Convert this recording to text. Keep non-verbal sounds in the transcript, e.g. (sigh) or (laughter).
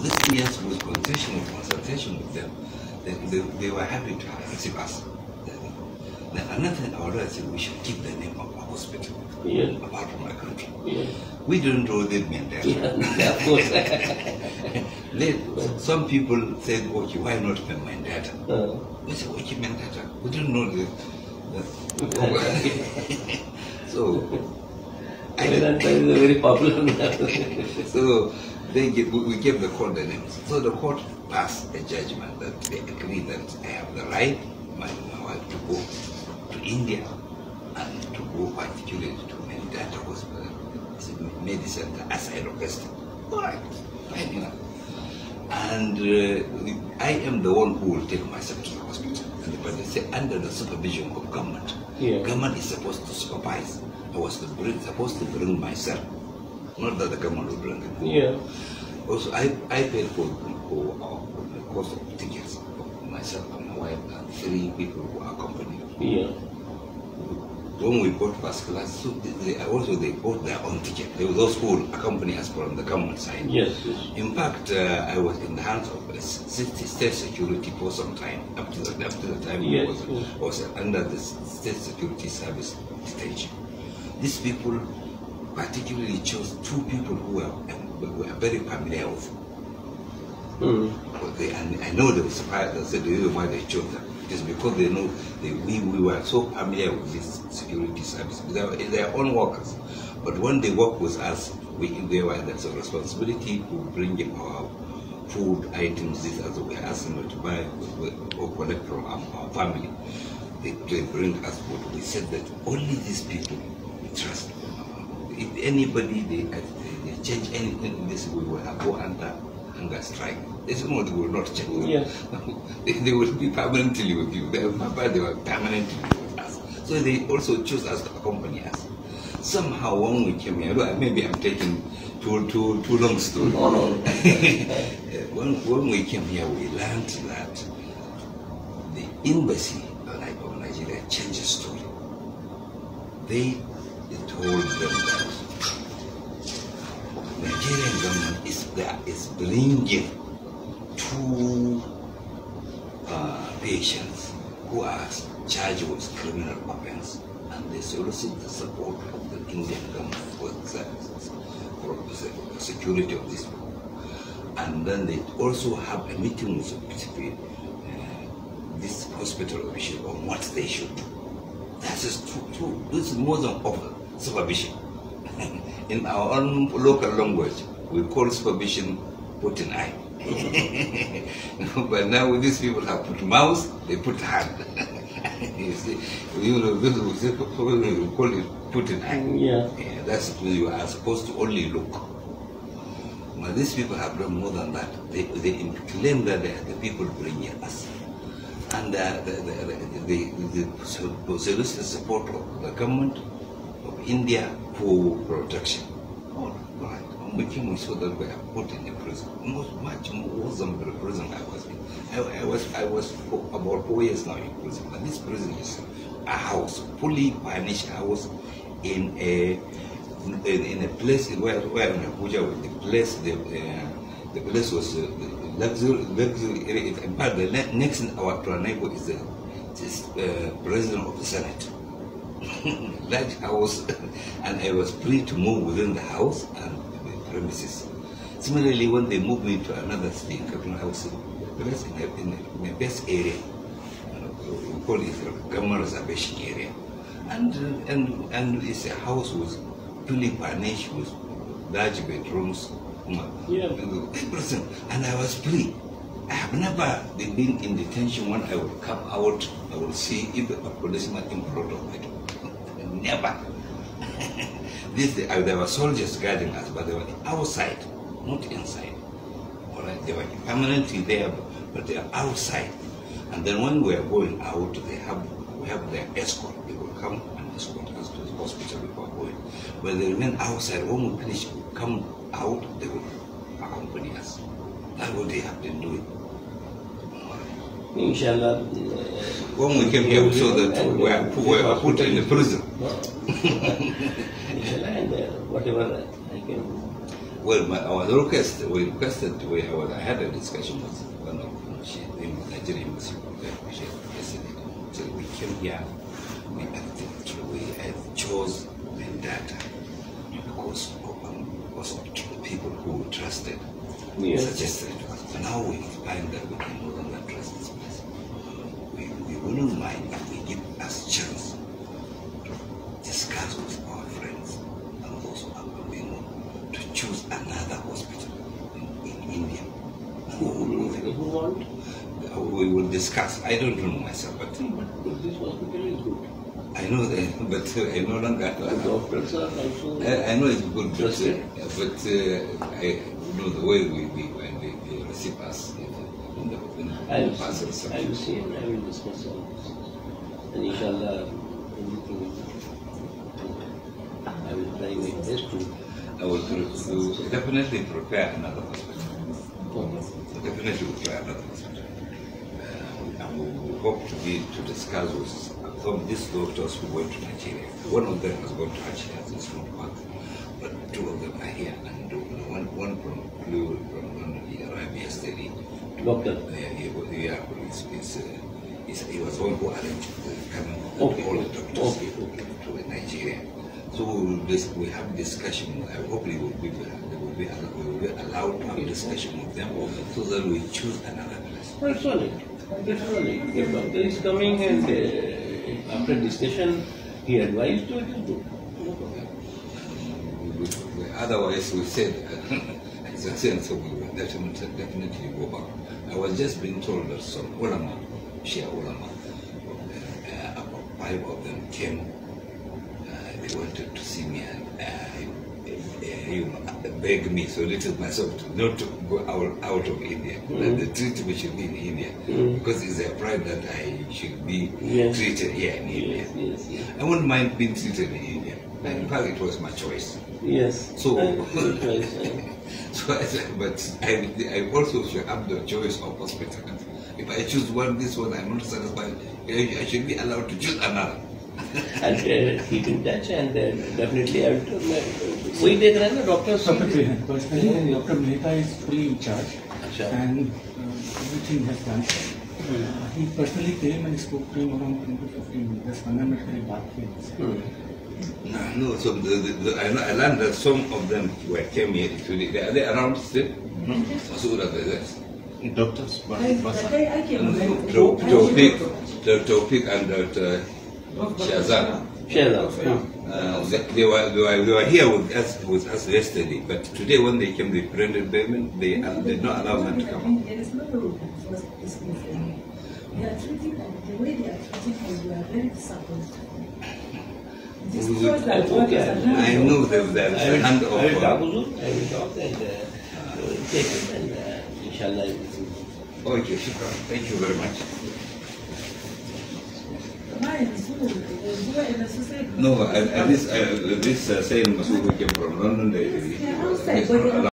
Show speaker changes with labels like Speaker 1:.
Speaker 1: Lydia's conversation and consultation with them, they, they, they were happy to receive us. The another thing I would say, we should keep the name of our hospital yeah. apart from our country. Yeah. We don't know the have there. Yeah, of course. (laughs) they, some people said, okay, why not Mandata? Uh. We said, okay, Mandata. We don't know the... the (laughs) (laughs) so... I, that is a very popular So, they give, we give the court the names. So the court passed a judgment that they agree that I have the right, my, my wife, to go to India and to go particularly to Medidata Hospital, medicine as I requested. All right, fine enough. And uh, I am the one who will take myself to the hospital. And the president said, under the supervision of government. Yeah. Government is supposed to supervise. I was to bring, supposed to bring myself not that the government will bring it. Yeah. Also, I, I paid for, the uh, cost of tickets for myself and my wife and three people who accompanied me. Yeah. When we bought first class, so they, they, also they bought their own ticket. They were those who accompany us from the government side. Yes, yes. In fact, uh, I was in the hands of a state security for some time, up to the, up to the time yes, was, yes. was under the state security service detention. These people particularly chose two people who were, were very familiar with. Mm. They, and I know they were surprised. I said the reason why they chose them is because they know that we, we were so familiar with this security service. They are their own workers. But when they work with us, we, they were, that's a responsibility to bring in our food items, this as we asking them to buy or collect from our, our family. They, they bring us food. We said that only these people we trust if anybody they, uh, they change anything in this, we will go under hunger strike. This we will not change. Yes. (laughs) they, will be permanently with you. They, remember, they were permanently with us. So they also choose us to accompany us. Somehow, when we came here, maybe I'm taking too, too, too long story. No, no. (laughs) when, when we came here, we learned that the embassy of Nigeria changed the story. They told them that that is bringing to uh, patients who are charged with criminal offense and they solicit the support of the Indian government for the security of these people. And then they also have a meeting with uh, this hospital official on what they should do. That is true. true. This is more than over supervision (laughs) in our own local language with Cole's permission, put an eye. (laughs) but now these people have put mouth, they put hand. (laughs) you see, you know, this is call it put an eye. Mm, yeah. yeah that's you are supposed to only look. But these people have done more than that. They, they claim that they are the people bring us. And uh, the, the, the, the, support of the government of India for protection. All right making we saw that we are put in the prison. Most, much more than the prison I was in. I, I was, I was for about four years now in prison. But this prison is a house, fully furnished house in a in, in a place where, where in Abuja, the place the uh, the place was uh, luxury luxury. But the next in our Planego is the this, uh, president of the Senate. (laughs) Large house, (laughs) and I was free to move within the house and premises. Similarly, when they move me to another state, I was in, the, in the best area, you know, we call it Gamma Reservation area, and and and it's a house with fully furnished with large bedrooms, yeah. percent, (laughs) and I was free. I have never been in detention when I would come out, I would see if a policeman in front of me. (laughs) Never. (laughs) This, uh, there were soldiers guarding us, but they were outside, not inside. All right, they were permanently there, but they are outside. And then when we are going out, they have we have their escort. They will come and escort us to the hospital before going. But they remain outside. When we finish, come out, they will accompany us. That's what they have been doing. Inshallah. When we came here, we saw that we were put, were put in the prison. Inshallah, and uh, whatever that I can Well, my, our request, we requested, we, I, I had a discussion with one of the Nigerian Muslims yesterday. So we came here, we acted, we have chose Vendetta because because of um, people who trusted,
Speaker 2: yes. suggested to
Speaker 1: us. Now we find that we can no longer trust will discuss. I don't know myself, but this was very good. I know, that, eh, but uh, I no longer. The doctors are also. I, I know it's good, but, uh, but uh, I know the way we, we when they, they receive us in the, in the, in I will see and I will discuss all this. And inshallah, I will try my best to. I will to, to definitely prepare another hospital. Oh. Definitely prepare another hospital who we hope to be to discuss with some these doctors who went to Nigeria. One of them has gone to Nigeria It's not month, but two of them are here, and one one from Blue from London he arrived yesterday. Doctor. Yeah, yeah, it's, it's, uh, it's, he was one who arranged okay. all the doctors okay. to, to Nigeria. So we, this, we have discussion. I hope we will be, they will be, we will be allowed to have discussion with them so that we choose another place. Well, Definitely, if doctor is coming and uh, after discussion he advised to go No problem. Otherwise, we said it's a sense of we definitely, definitely go back. I was just being told that some ulama, Shia ulama, uh, about five of them came. Uh, they wanted to see me and uh, he begged me, so little myself to not to go out, out of India, mm. that the treatment should be in India, mm. because it's a pride that I should be yes. treated here in India. Yes, yes, I wouldn't mind being treated in India. In fact, it was my choice. Yes. So, (laughs) so I said, but I, I also should have the choice of hospital. If I choose one, this one, I'm not satisfied. I should be allowed to choose another. (laughs) and keeping uh, touch and uh, definitely I will वही देख रहे हैं ना doctor personally and Dr. Mehta is fully in charge and uh, everything has done hmm. he personally came and spoke to him around 10 to 15 minutes 15 minute के No, so the, the, the, I learned that some of them were came here, they are they around still? Mm -hmm. So, Doctors, but I, I, I came. Topic, topic, and that. Uh, Shazam. Shazam. Uh, they were they were they were here with us with us yesterday, but today when they came, they prevented them. Uh, they did not allow them to come. There is no for this They are treating the way they are treating us. We are very disappointed. This is what I I know that there is hand over. I uh, will talk I will talk take it and uh, inshallah. Okay, Thank you very much. Mine is no, at, at this, uh, this uh, saying Masuku came from London. They, yeah,